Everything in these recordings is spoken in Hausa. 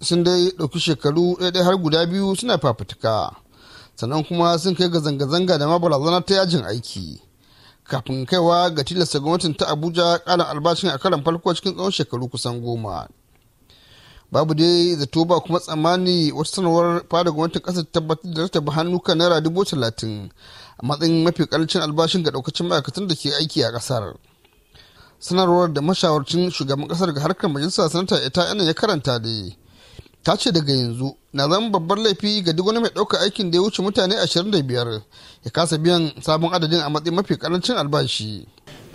sun dai ɗauki shekaru ɗaya-ɗaya har guda biyu suna fafutuka sannan kuma sun kai ga zanga-zanga da ma barazana ta yajin aiki kafin kaiwa ga tilasta gwamnatin ta abuja ƙarin albashin a karan farko cikin tsawon shekaru kusan goma babu dai zato ba kuma tsammani wata sanarwar fara gwamnatin ƙasar tabbatar da rataba hannu kan naira dubu talatin a matsayin mafi ƙarancin albashin ga ɗaukacin ma'aikatan da ke aiki a ƙasar sanarwar da mashawarcin shugaban ƙasar ga harkar majalisa sanata ita ya karanta dai. ta ce daga yanzu na zama babbar laifi ga duk wani mai ɗaukar aikin da ya wuce mutane 25 ya kasa biyan sabon adadin a matsayin mafi karancin albashi.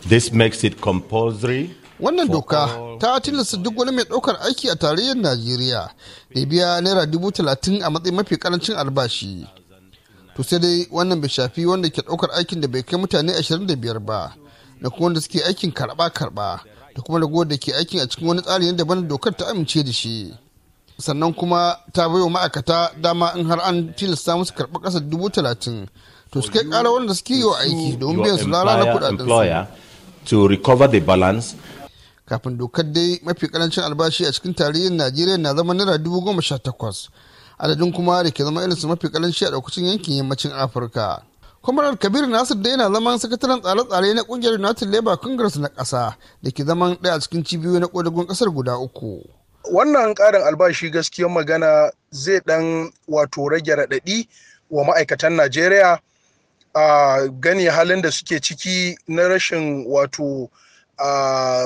This makes it compulsory wannan doka ta tilasta duk wani mai ɗaukar aiki a tarayyar najeriya da biya naira dubu talatin a matsayin mafi karancin albashi to sai dai wannan bai shafi wanda ke ɗaukar aikin da bai kai mutane biyar ba da kuma wanda suke aikin karɓa-karɓa da kuma ragowar da ke aikin a cikin wani tsari daban dokar ta amince da shi sannan kuma ta baiwa ma'aikata dama in har an tilasta musu karɓar ƙasa dubu talatin to su ƙara wanda suke yi wa aiki domin biyan su lalata kuɗaɗen su. kafin dokar dai mafi ƙarancin albashi a cikin tarihin najeriya na zama naira dubu goma sha takwas adadin kuma da ke zama irinsu mafi ƙarancin a ɗaukacin yankin yammacin afirka kwamarar kabir nasir da yana zaman sakataren tsare-tsare na kungiyar united labour congress na ƙasa da ke zaman ɗaya a cikin cibiyoyi na ƙodagon ƙasar guda uku wannan ƙarin albashi gaskiyar magana zai ɗan wato rage raɗaɗi wa ma'aikatan najeriya a gani halin da suke ciki na rashin wato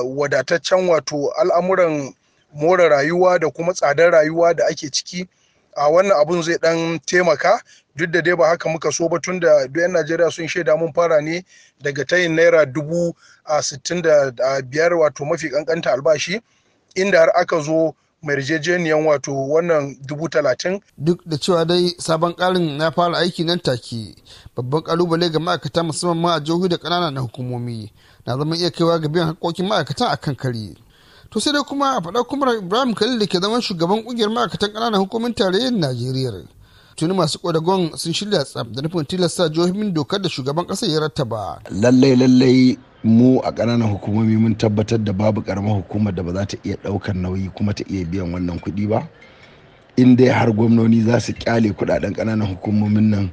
wadataccen wato al'amuran more rayuwa da kuma tsadar rayuwa da ake ciki a wannan abun zai ɗan taimaka duk da dai ba haka muka so ba tun da duk najeriya sun shaida mun fara ne daga tayin naira dubu a sittin da biyar wato mafi ƙanƙanta albashi inda har aka zo yarjejeniyan wato wannan dubu talatin. Duk da cewa dai sabon karin na fara aiki nan take babban kalubale ga ma'aikata musamman ma a jihohi da kanana na hukumomi na zama iya kaiwa ga biyan hakokin ma'aikata a kan kare. To sai dai kuma a faɗa kuma Ibrahim Khalil da ke zaman shugaban ƙungiyar ma'aikatan kananan hukumomin tarayyar Najeriya. tuni masu kwadagon sun shirya tsab da nufin tilasta jihohin dokar da shugaban ƙasa ya rattaba lallai lallai mu a ƙananan hukumomi mun tabbatar da babu karamar hukumar da ba za ta iya ɗaukar nauyi kuma ta iya biyan wannan kuɗi ba in dai har gwamnoni za su kyale kuɗaɗen ƙananan hukumomin nan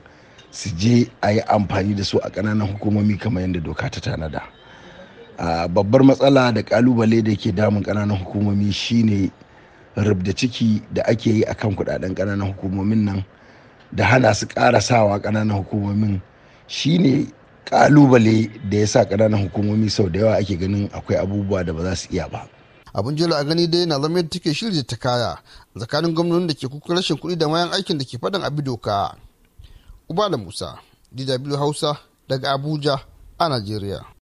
su je a yi amfani da su a ƙananan hukumomi kamar yadda doka ta tanada babbar matsala da ƙalubale da ke damun ƙananan hukumomi shine rubda ciki da ake yi akan kuɗaɗen ƙananan hukumomin nan da hana su ƙara sawa ƙananan hukumomin shine ƙalubale da ya sa ƙananan hukumomi sau da yawa ake ganin akwai abubuwa da ba za su iya ba abin jelo a gani dai na zama yadda take shirya ta kaya tsakanin gwamnonin da ke kuka rashin kuɗi da mayan aikin da ke faɗin abi doka uba da musa dw hausa daga abuja a najeriya